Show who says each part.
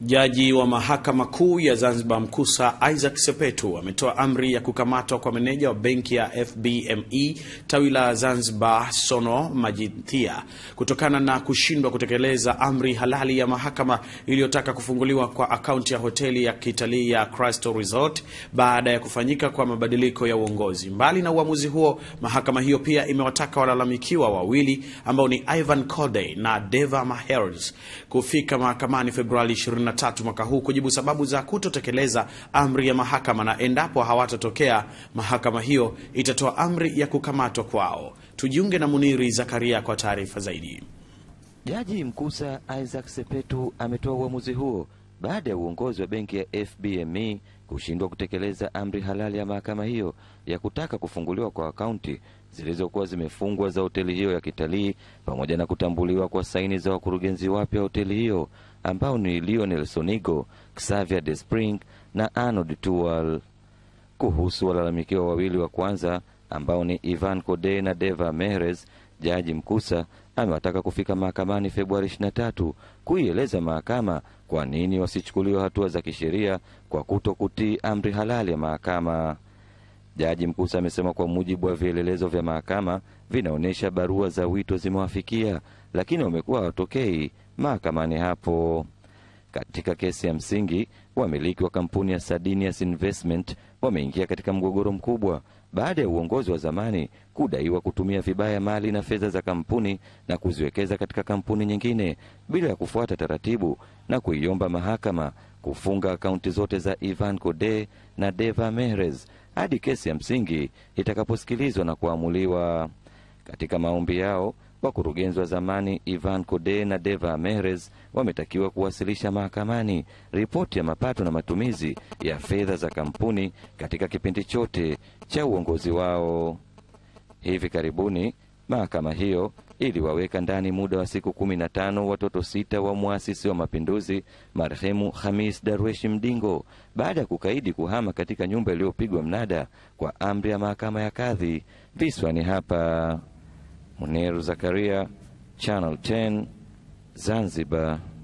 Speaker 1: Jaji wa mahakama kuu ya Zanzibar Mkusa Isaac Sepetu ametoa amri ya kukamatwa kwa meneja wa benki ya FBME tawi la Zanzibar Sono Majithia kutokana na kushindwa kutekeleza amri halali ya mahakama iliyotaka kufunguliwa kwa akaunti ya hoteli ya kitalii ya Crystal Resort baada ya kufanyika kwa mabadiliko ya uongozi. Mbali na uamuzi huo, mahakama hiyo pia imewataka walalamikiwa wawili ambao ni Ivan Corday na Deva Mahers kufika mahakamani Februari 23 mwaka huu kujibu sababu za kutotekeleza amri ya mahakama, na endapo hawatotokea, mahakama hiyo itatoa amri ya kukamatwa kwao. Tujiunge na Muniri Zakaria kwa taarifa zaidi.
Speaker 2: Jaji Mkusa Isaac Sepetu ametoa uamuzi huo baada ya uongozi wa benki ya FBME kushindwa kutekeleza amri halali ya mahakama hiyo ya kutaka kufunguliwa kwa akaunti zilizokuwa zimefungwa za hoteli hiyo ya kitalii pamoja na kutambuliwa kwa saini za wakurugenzi wapya wa hoteli hiyo ambao ni Lionel Sonigo, Xavier spring na Arnold Tuwal. Kuhusu walalamikiwa wawili wa kwanza ambao ni Ivan Kode na Deva meres Jaji Mkusa amewataka kufika mahakamani Februari 23 kuieleza mahakama kwa nini wasichukuliwa hatua za kisheria kwa kutokutii amri halali ya mahakama. Jaji Mkusa amesema kwa mujibu wa vielelezo vya mahakama vinaonyesha barua za wito zimewafikia, lakini wamekuwa hawatokei mahakamani hapo. Katika kesi ya msingi, wamiliki wa kampuni ya Sardinias Investment wameingia katika mgogoro mkubwa baada ya uongozi wa zamani kudaiwa kutumia vibaya mali na fedha za kampuni na kuziwekeza katika kampuni nyingine bila ya kufuata taratibu na kuiomba mahakama kufunga akaunti zote za Ivan Kode na Deva Mehrez hadi kesi ya msingi itakaposikilizwa na kuamuliwa. Katika maombi yao Wakurugenzi wa zamani Ivan Kode na Deva Mehrez wametakiwa kuwasilisha mahakamani ripoti ya mapato na matumizi ya fedha za kampuni katika kipindi chote cha uongozi wao. Hivi karibuni mahakama hiyo iliwaweka ndani muda wa siku kumi na tano watoto sita wa mwasisi wa mapinduzi marehemu Hamis Darweshi Mdingo baada ya kukaidi kuhama katika nyumba iliyopigwa mnada kwa amri ya mahakama ya kadhi visiwani hapa muneru Zakaria, Channel 10 Zanzibar.